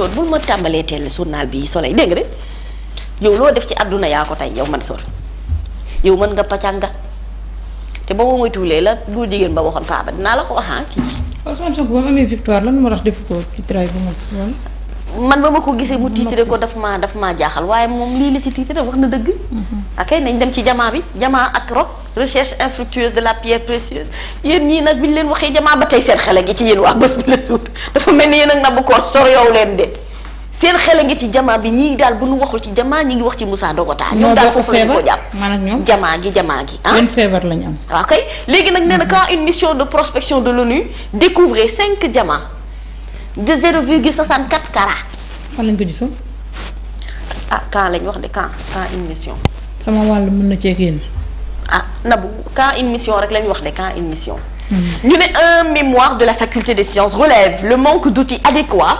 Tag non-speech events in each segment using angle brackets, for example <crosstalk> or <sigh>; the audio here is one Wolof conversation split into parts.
Mansour bul ma tàmbalee teel journal bi soleil dégg nga de yow loo def ci àdduna yaa ko tey yow man Mansour yow mën nga pacanga te ba ma moytuwulee la góor jigéen ba waxoon faaba dinaa la ko wax ah kii. Ousmane Sonko ba mu amee victoire lan moo tax defu ko ci traité bu man ba ma ko gisee mu tiitire ko dafa ma daf maa jaaxal waaye moom lii la ci tiitire wax na dëgg. Mhm. ok nañ dem ci jamaa bi jamaa ak roc recherche infructueuse de la pierre précieuse yéen ñii nag bi ñu leen waxee jamaa ba tey seen xele ngi ci yéen waa bés bi la suur dafa mel ni yéen ak nabu koor sor yow leen de seen xele ngi ci jamaa bi ñii daal bu nu waxul ci jamaa ñi ngi wax ci Moussa Dogota. ñoom daal foofu lañu ko jàpp man ak ñoom jamaa gi jamaa gi ah. benn feebar lañu am. waaw kay léegi de prospection de l'ONU découvrait cinq diamants de 0,64 carats fan lañ ko gisoon. ah quand lañ wax de quand quand une mission. sama wàll mën na cee génn. ah nabu quand une mission rek lañ wax de quand une hmm. ñu ne un mémoire de la faculté de sciences relève le manque d'outils adéquats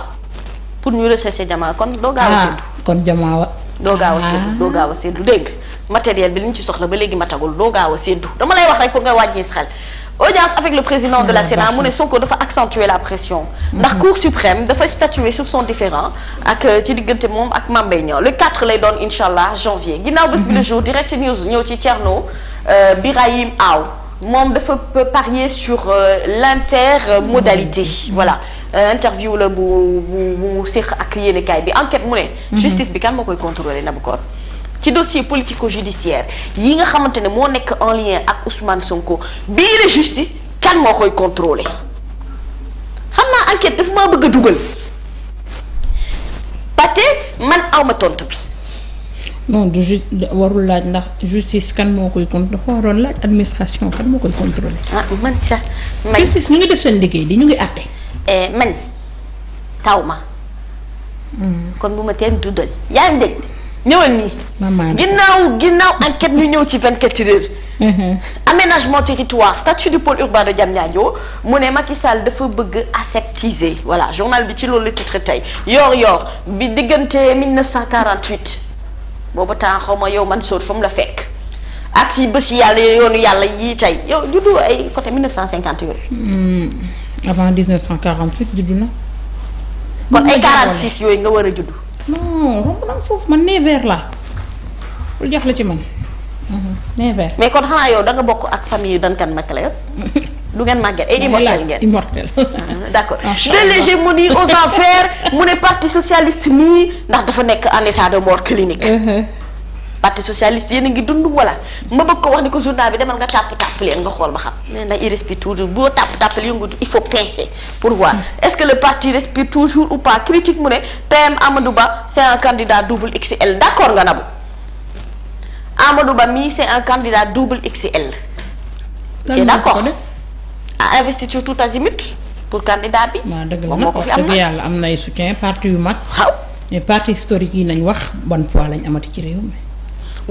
pour ñu rechercher jamaa kon doo gaaw a. Ah, kon jamaa wa doo gaaw a séddu ah. a séddu dégg matériel bi li ñu ci soxla ba léegi matagul dooga gaaw a séddu dama lay wax rek pour nga wàññi sa xel audience avec le président de la Sénat mu ne Sonko dafa accentuer la pression ndax mhm. Cour suprême dafa statuer sur son différend ak euh, ci diggante moom ak Mame Mbaye Niang le 4 lay doon incha allah janvier ginnaaw bés bi le mhm. jour direct news ñëw ci Thierno euh, Birahim Aw moom dafa parier sur euh, l'intermodalité mhm. voilà Euh, interview la bu bu bu séq ak yéenekaay bi enquête mu ne. Mhm. justice bi kan moo koy contrôler Nabou Cor. ci dossier politico-judiciaire yi nga xamante ne moo nekk en lien ak Ousmane Sonko bii la justice kan moo koy contrôler xam naa enquête dafa maa bëgg a dugal. pate man awma tontu bi. non du ju warul laaj ndax justice kan moo koy contrôler dafa waroon laaj administration kan moo koy contrôler. Ah, man sax. justice ñu ngi def seen liggéey di ñu ngi àtte. E, man taw ma. kon bu ma teen duddal yaa ngi dégg ñëwal nii. ginnaaw ginnaaw enquête ñu ñëw ci 24 heures. Mhm. aménagement territoire statut du pôle urbain de Diamniadio mu ne Macky Sall dafa bëgg aseptiser voilà journal bi ci loolu la titre tey yoor yoor bi diggante 1948 boobu temps xaw ma yow man sóor fa mu la fekk ak yi bés yàlla yoonu yàlla yii tey yow juddu ay côté avant 1948 juddu na. kon ay 46 yooyu nga war a juddu. non romb na foofu man Nevers laa bul jaaxle ci man mhm. Nevers. mais kon xanaa yow da nga bokk ak famille yu Duncan MacLeod <laughs> du ngeen màgget ay immortel ngeen immortel ah, d'accord <laughs> de l'hégémonie aux enfers mu ne parti socialiste nii ndax dafa nekk en état de mort clinique. Uh-huh. parti socialiste yéen a ngi dund wala ma bëgg ko wax ni ko journal bi demal nga tàpp tàppale nga xool ba xam nee na il respire toujours boo tàpp tàppale yëngatu il faut pincer pour voir hmm. est-ce que le parti respire toujours ou pas critique mu ne PM Amadou Ba c'est un candidat double XL d'accord nga nabu Amadou Ba mii c'est un candidat double XL. c'est d'accord à investiture tout azimut pour candidat bi. moom moo ko fi am na dëgg yàlla am na ay yu mag. waaw mais parti historique yi nañ wax ban poids lañ amati ci réew mi.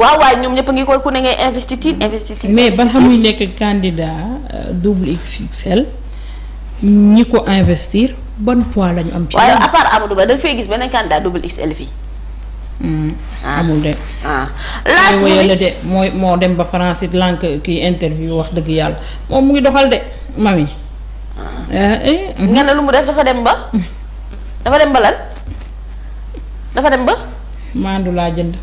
waaw waaye ñoom ñëpp ngi koy ku ne ngay investiture investiture mais ba xamuy nekk candidat euh, double XXL ñi ko investir ban poids lañu am. ci waaye à part Ba da nga gis benn candidat double XL fii. Hmm, ah. amul de. ah laas la de mooy moo dem ba France it lànk kii interview wax dëgg yàlla moom mu ngi doxal de mami. Ah. Ah, eh, mhm. nga ne lu mu def dafa dem ba. <laughs> dafa dem ba lan. dafa dem ba. maandu laa jënd.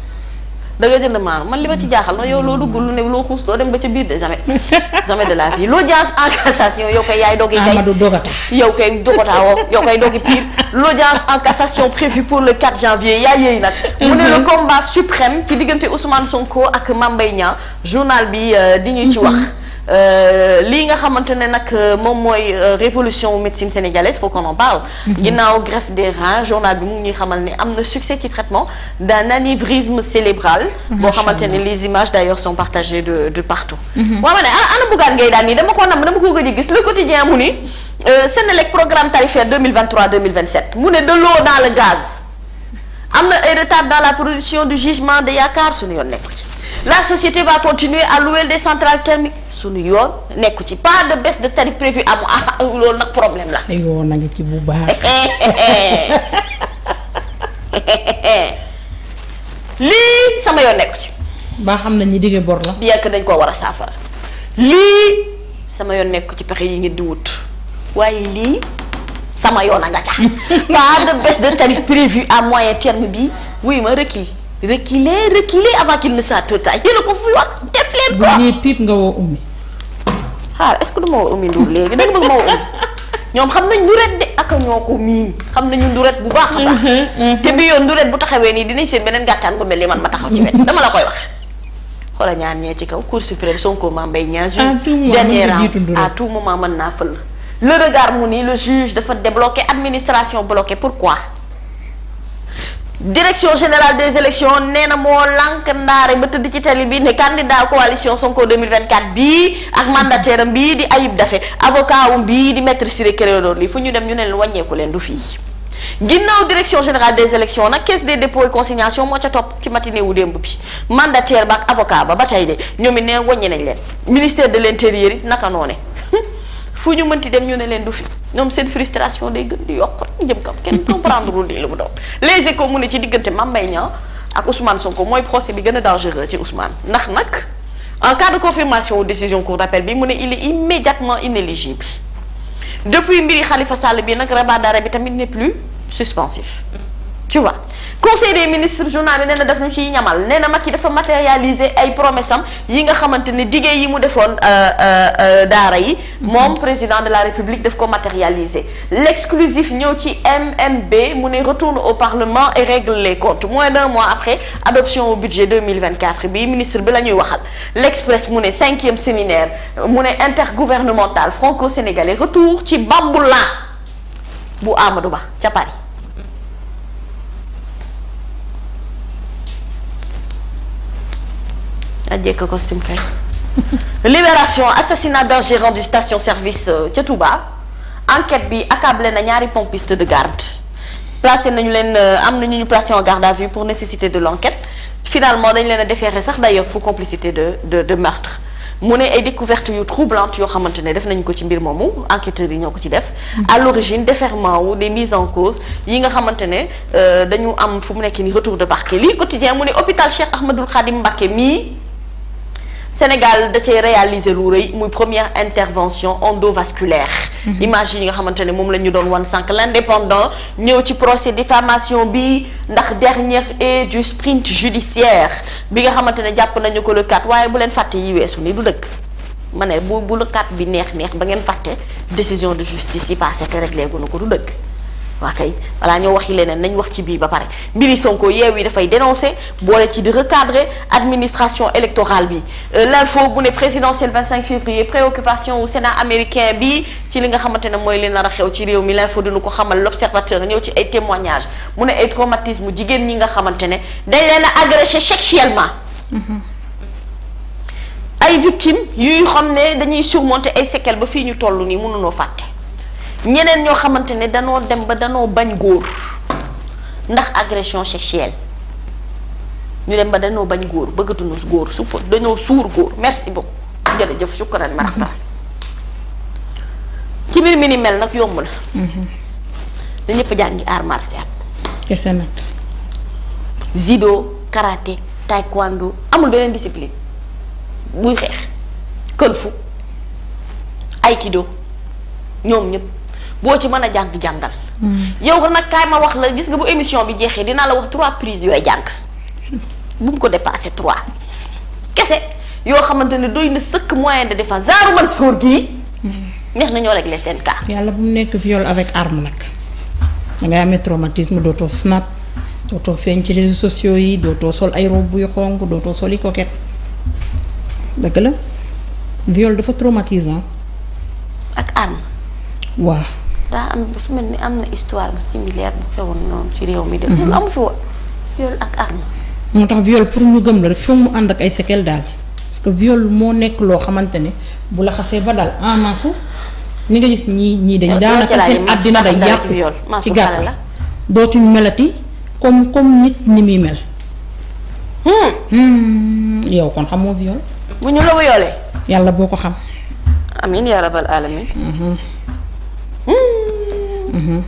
da nga jënd maanaam man li ma ci jaaxal ma yow loo duggul lu ne loo xuus doo dem ba ca biir de jamais <laughs> jamais de la vie l'audience en cassation yow kay yaay doggi kay Amadou Dogata yow kay Dogata woo yow kay doggi pire l'audience en cassation prévue pour le 4 janvier yaay yéey nag mu ne le mhm. combat suprême ci diggante Ousmane Sonko ak Mame Mbaye Niang journal bi euh, di ñu ci wax Euh, lii nga xamante ne nag euh, moom mooy euh, révolution médecine sénégalaise faut qu'on en parle mhm. ginnaaw greffe des reins journal bi mu ngi xamal ne am na succès ci traitement d'un anévrisme cérébral mhm. boo xamante ne les images d'ailleurs sont partagées de de partout waaw ma ne ana ana Bougane Gueye Dany dama ko nam dama ko gëj a gis le quotidien mu ni Sénélec programme tarifaire mu ne de l'eau gaz am na ay dans la production du jugement de yaakaar suñu yoon nekk ci la société va continuer à louer des centrales thermiques yoon nekku ci pas de baisse de tarif prévu am <laughs> ah nag problème la. yoon na ci bu baax. <laughs> yoon nekku ci. ba xam nañ ni dige bor la. bien que dañ koo war a saafara lii yoon nekku ci pexe yi ngeen di wut waaye lii sama yoon a nga tax. <laughs> pas de baisse de tarif prévu à moyen terme bi wuy ma rëkk yi reculer reculer avant qu'il ne soit trop tard yéen a ko fuyoon def leen ko. bu ñuy pipe nga woo ummi. xaar est-ce que du woo ummi Ndour léegi danga bëgg ma ñoom xam nañ nduret de ak ñoo ko miin bu baax a baax. Uh-huh, uh-huh. te yoon nduret bu taxawee nii dinañ seen beneen gàttaan ko mel ni man ma taxaw ci wet <laughs> dama la koy wax. xoola ñaar ñee ci kaw Cour suprême Sonko Mame Mbaye Niang juge dernier round à tout moment mën naa fël le regard mu ni le juge dafa débloqué administration bloqué pourquoi. direction général des élections nee na moo lànk ndaare ba tëdd ci tali bi ne candidat coalition Sonko 2024 bii ak mandataire am bii di Ayib Daffé avocat wum bii di maître Ciré Clédor Ly fu ñu dem ñu ne leen wàññeeku leen du fii ginnaaw direction général des élections nag caisse des dépôts consignation moo ca topp ci matinée wu démb bi mandataire ba ak avocat ba ba tey de ñoom it nee wàññi nañ leen ministère de l' intérieur it naka noone <laughs> fu ñu mënti dem ñu ne leen du fi ñoom seen frustration day gën di yokk rek jëm kam kenn comprendre lul lii lu mu doon les échos mu ne ci diggante Mame Mbaye Niang ak Ousmane mooy procès bi gën a dangereux ci Ousmane ndax nag en cas de confirmation ou décision cour d'appel bi mu ne il est immédiatement inéligible depuis mbiri Khalifa Sall bi nag rabat d'arrêt bi tamit n'est plus suspensif tu vois conseil des ministres journal bi nee na daf ñu ciy ñamal nee na yi dafa matérialiser ay promesse am yi nga xamante ni dige yi mu defoon euh, euh, euh, daara yi mm-hmm. moom président de la république daf ko matérialiser l'exclusif ñëw ci MMB mu ne retourne au parlement et règle les comptes moins d'un mois après adoption au budget 2024 bi ministre bi la ñuy waxal l'express mu ne cinquième séminaire mu ne intergouvernemental franco-sénégalais retour ci bambula bu Amadou Ba ca Paris ajjee ko costume kay libération assassinat d'un gérant du station service euh, ca Touba enquête bi accablé na ñaari pompiste de garde placé nañu leen euh, am nañu ñu placé en garde à vue pour nécessité de l'enquête finalement dañ leen a déféré sax d'ailleurs pour complicité de de de meurtre mu ne ay découvertes yu troublantes yoo xamante ne def nañu ko ci mbir moomu enquêteurs yi ñoo ko ci def. à l'origine déferment wu des mises en cause yi nga xamante ne euh, dañu am fu mu nekk ni retour de parquet lii quotidien mu ne hôpital Cheikh Sénégal da cee réaliser lu rëy muy première intervention endovasculaire. Mhm. image yi nga xamante ne moom la ñu doon wan sànq l'indépendant ñëw ci procès diffamation bi ndax dernière et du sprint judiciaire bi nga xamante ne jàpp nañu ko le 4 waaye bu leen fàtte yi weesu ni du dëkk ma ne bu bu le 4 bi neex neex ba ngeen fàtte décision de justice yi passé te réglé gu na ko du dëkk. waa kay voilà ñoo waxi leneen nañ wax ci biir ba pare mbiri Sonko yeew yi dafay dénoncer boole ci di recadrer administration électorale bi euh, l'info bu ne présidentielle 25 février préoccupation wu Sénat américain bi ci li nga xamante ne mooy li nar xew ci réew mi l'info dina ko xamal l'observateur ñëw ci ay témoignages mu ne ay traumatisme jigéen ñi nga xamante ne dañ leen a agressé sexuellement mm-hmm. ay victimes yuy xam ne dañuy surmonter ay séquelles ba fii ñu toll nii mënunoo fàtte ñeneen ñoo xamante ne dañoo dem ba dañoo bañ góor ndax agression sexuelle ñu dem ba dañoo bañ góor bëggatuñu góor su dañoo suur góor merci beaucoup jërëjëf sukkuraan ma raxtaan ci mbir mi ni mel nag yomb na mm-hmm. na ñëpp jàngi art martial kese nag judo karaté taekwondo amul beneen discipline buy xeex kung fu kido ñoom ñëpp boo ci mën a jàng jàngal. yow nag kaay ma wax la gis nga bu émission bi jeexee dinaa la wax trois prises yooyu jàng bu mu ko dépassé trois kese yoo xamante ne doy na sëkk moyen de défense zaaru man sóor gii. neex na ñoo réglé seen cas. yàlla bu mu nekk viol avec arme nag dangay amee traumatisme dootoo snap dootoo feeñ ci réseaux sociaux yi dootoo sol ay robe yu xonq dootoo sol yi coquette dëgg la viol dafa traumatisant. ak arme. waaw. daa am dafa mel ni am na histoire bu similaire bu xewoon noonu ci réew mi. def loolu mhm. amu fi woon viol ak arme. moo tax viol pour ñu gëm la dafa mu ànd ak ay séquelles daal parce que viol moo nekk loo xamante ne bu laxasee xasee ba daal en ah, masse ni nga gis ñii ñii dañ daanaka seen àddina day yàqu ci gàttal dootuñ melati comme comme nit ni muy mel. Hmm. Hmm. yow kon xamoo viol. yàlla boo ko xam. amiin yaa rabbal Mm-hmm.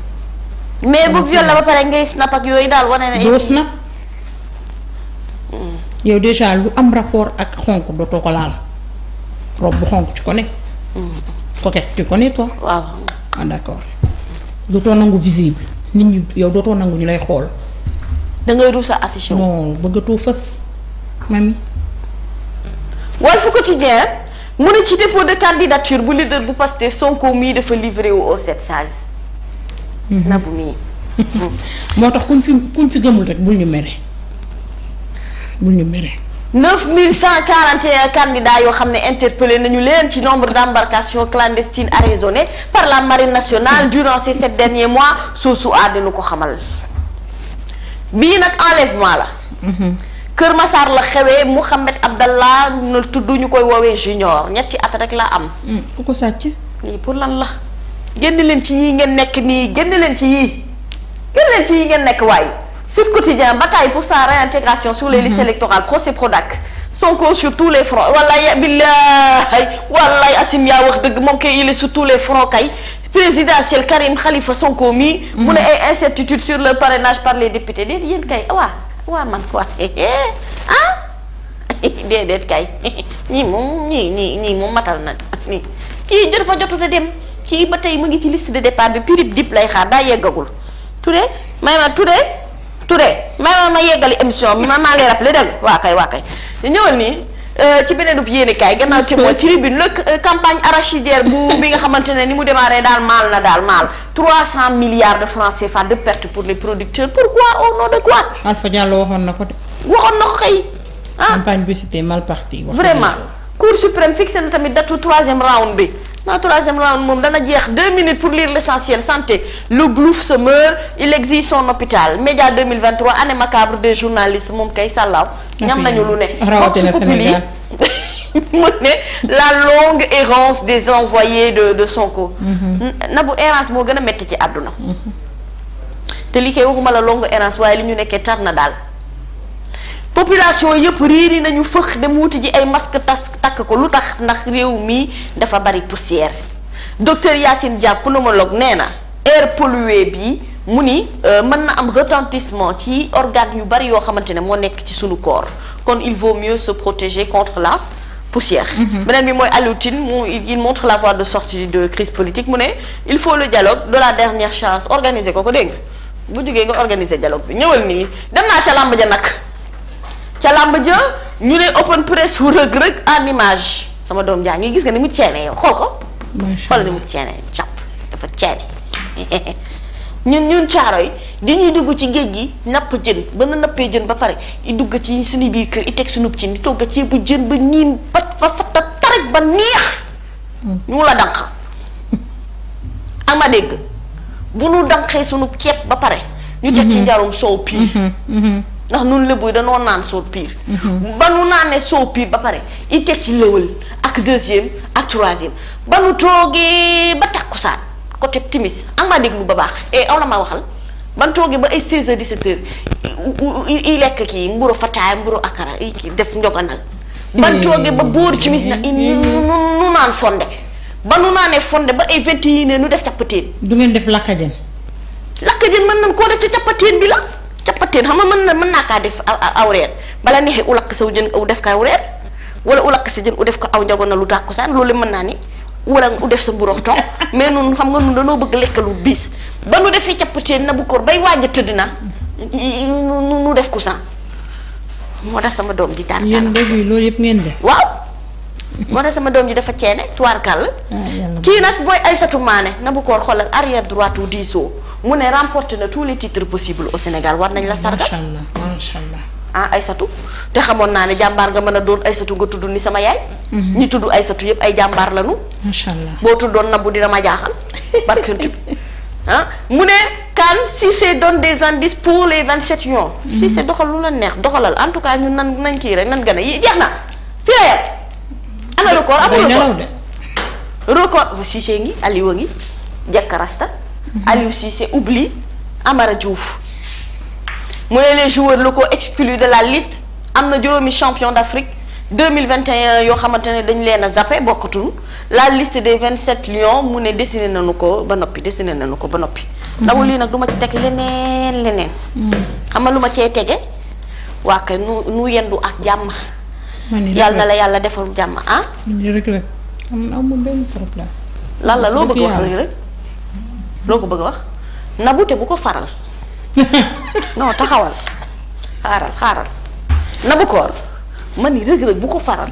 mais bu viol la ba pare ngay snap ak yooyu daal wane na. doo snap mm. yow déjà lu am rapport ak xonk dootoo ko laal robe bu xonq tu connais. Mm. coquette tu connais toi. waaw ah dootoo nangu visible nit ñi yow dootoo nangu ñu lay xool. da ngay ruus a affiché wu. non bëggatoo fës mami. Walf Quotidien mu ne ci dépôt de candidature bu leader bu Pastef Sonko mii dafa livré wu aux sept sages. Mhm. nabu mii. <laughs> moo tax kuñ fi kuñ fi gëmul rek bul ñu mere bul ñu mere. 9141 candidats yoo xam ne interpellé nañu leen ci nombre d'embarcations clandestines arraisonnées par la marine nationale durant ces sept derniers mois suusu àddina ko xamal bii nag enlèvement la. Mhm. Kër Massar la xewee Mouhamed Abdallah na tudd ñu koy woowee junior ñetti at rek la am. Mm, ku ko sàcc. pour lan la. génn leen ci yii ngeen nekk nii génn leen ci yii génn leen ci yii ngeen nekk waaye Sud Quotidien bataille pour sa réintégration sur les listes mhm. électorales procès Prodac Sonko sur tous les fronts wallaay billaay wallaay Asim yaa wax dëgg moom kay il est sur tous les fronts kay présidentiel Karim Khalifa Sonko mii mhm. mu ne ay incertitude sur le parrainage par les députés déet yéen kay waa waa man waa <laughs> ah <laughs> déedéet kay <laughs> ñii moom ñii ñii ñii moom matal na kii ba tey mu ngi ci liste de départ bi pirip dip lay xaar daa yeggagul Touré may ma Touré Touré may ma ma yeggali émission bi ma maa lay rappelé dal waa kay waa kay ñëwal nii euh, ci beneenub yéenekaay gannaaw tribune la euh, campagne arachidière bu bi nga xamante ne ni mu démarré daal maal na daal maal 300 milliards de francs CFA de perte pour les producteurs pourquoi au nom de quoi. Alpha Diallo waxoon na ko de. waxoon na ko xëy. ah campagne bi c'était mal m vraiment tamit datu troisième round bi. la troisième round moom dana jeex deux minutes pour lire l'essentiel santé le Blouf se meurt il exige son hôpital Média 2023 année macabre des journalistes moom kay sàllaaw ah, ñam nañu lu ne <laughs> rawatina Sénégal <laughs> mu ne la longue errance des envoyés de de Sonko mhm. na bu errance moo gën a metti ci àdduna mhm. te li koy waxuma la longue errance waaye li ñu nekkee tar na daal population yëpp riiri nañu fëx dem wuti ji ay masque tas takk ko lu tax ndax réew mi dafa bari poussière docteur Yacine Dia pneumologue nee na air pollué bi mu ni euh, mën na am retentissement ci organe yu bari yoo xamante ne moo nekk ci suñu corps kon il vaut mieux se protéger contre la poussière. Mhm. beneen bi mooy Alioune Tine mu il montre la voie de sortie de crise politique mu ne il faut le dialogue de la dernière chance organiser ko ko dégg nga bu jógee nga organiser dialogue bi ñëwal nii dem naa ca ja nag. ca làmb ja ñu ne open press wu Reug Reug en sama doom jaa ngi gis nga ni mu ceene yow xool ko. xool ni mu ceene càpp dafa ceene <laughs> ñun ñun caaro yi dañuy dugg ci géej gi napp jën ba na jën ba pare dugg ci suñu biir kër i teg suñu ci ni togg ci jën ba niin ba fa fatta tarak ba neex hmm. ñu la dànq ak ma dégg bu nu dànqee suñu ceeb ba pare ñu teg ci mm-hmm. njarum soow piir mm-hmm. mm-hmm. ndax nun lébuy danoo naan soo piir mhm. ba nu naanee soo piir ba pare i teg ci lëwal ak deuxième ak troisième ba nu toogee ba takkusaan côté timis am maa déglu ba baax e aw la maa waxal ban toogee ba ay 16 di 17 heures i lekk kii mburu fataaya mburu akara i kii def njoganal ban mm. toogee ba bóori timis na i nu naan fonde ba nu naanee fonde ba ay vingt et une heures nu def cappateen du ngeen def lakka jën lakka jën mën nañ koo def ca cappateen bi la cappateen xam nga mën na mën naa kaa def aw reer bala neexee ulakk saw jën u def ko aw wala ulakk sa jën u def ko aw njagoon na lu tàkkusaan loolu mën naa ni wala u def sa mburox ton <laughs> mais nun xam nga nun danoo bëgg lekk biis ba nu defee cappateen na bu koor bay waaj na nu def ku san moo tax sama doom ji taar yéen yëpp ngeen def waaw sama doom ji dafa ceene tuwaarkàll ah, kii nag mooy Aysatu Maane na bu koor xoolal arrière droite wu diisoo mu ne remporté na tous les titres possibles au Sénégal war nañ la sargal. macha allah macha te xamoon naa ne jàmbaar nga mën a doon ay Aysatu nga tudd ni sama yaay. Mhm. ñi tudd Aysatu yëpp ay jàmbaar lañu. macha allah boo tuddoon nabu dina ma jaaxal barkantu <laughs> ah mu ne kan si c'est donne des indices pour les 27 unions. si c'est doxal lu la neex doxalal en tout cas ñun nan nañ kii rek nan gën a jeex na fi la yem. ana record amul record record si see ngi Aliou ngi jekk rasta. Aliou Cissé oublie Amara Diouf mu ne les joueurs ko exclus de la liste am na juróomi champion d'Afrique 2021 yoo xamante ne dañ leen a zappé bokkatuñu la liste des 27 lions mu ne dessiné nañu ko ba noppi dessiné nañu ko ba noppi. ndaw lii nag du ci teg leneen leneen. xam nga lu ma cee tege waa kay nu nu yendu ak jàmm. yàlla na la yàlla defal jàmm ah. man loo bëgg wax rek. loo ko bëgg a wax nabu te bu ko faral <laughs> non taxawal xaaral xaaral nabu koor man ni rëg-rëg bu ko faral.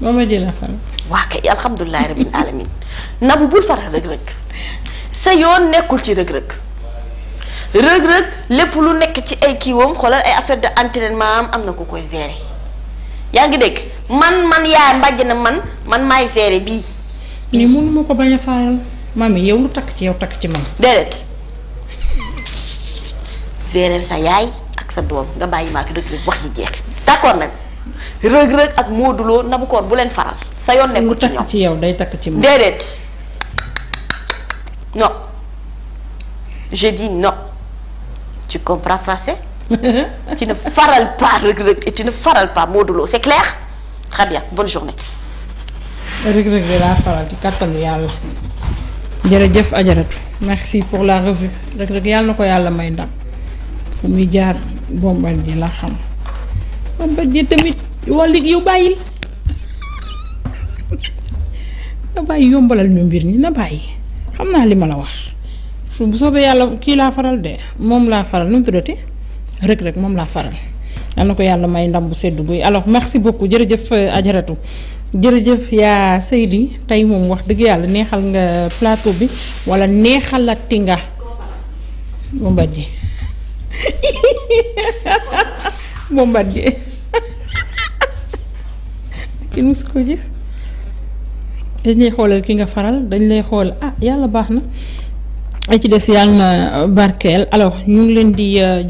moom la jëla faral. waa kay alhamdulilah rabbil alamin nabu bul faral rëg-rëg sa yoon nekkul ci rëg-rëg rëg-rëg lépp lu nekk ci ay kiiwam xoolal ay affaire de entraînement am am na ko koy gérer yaa ngi dégg man man yaay mbàjj na man man maay gérer bii. lii mënu ko bañ a faral. mami yow lu takk ci yow takk ci man. déedéet séeréer sa yaay ak sa doom nga bàyyi ma ak Reug Reug wax ji jeex d'accord nag Reug Reug ak Modou Lo bu leen faral sa yoon nekkul ci ñoom ci yow day takk ci man déedéet non je dis non tu comprends français. <laughs> tu ne faral pas Reug Reug et tu ne farales pas Modou c'est clair très bien bonne journée. Reug Reug bi laa faral ci kattanu yàlla. jërëjëf ajaratu merci pour la revue Reug Reug yàlla na ko yàlla may ndam fu muy jaar di la xam Bombardier tamit wàllu yu bàyyil na bàyyi yombalal ñu mbir ñi na bàyyi xam naa li ma la wax bu soobee yàlla kii laa faral de moom laa faral nu mu tuddati rek Reug moom laa faral yàlla na ko yàlla may ndam bu sedd guy alors merci beaucoup jërëjëf ajaratu jërëjëf yaa Seydi tey moom wax dëgg yàlla neexal nga plateau bi wala neexalati nga ji Bombardier <laughs> <laughs> kenn mus ko gis dañ lay xoolal ki nga faral dañ lay xool ah yàlla baax na ay ci des yàlla na barkeel alors ñu ngi leen di euh,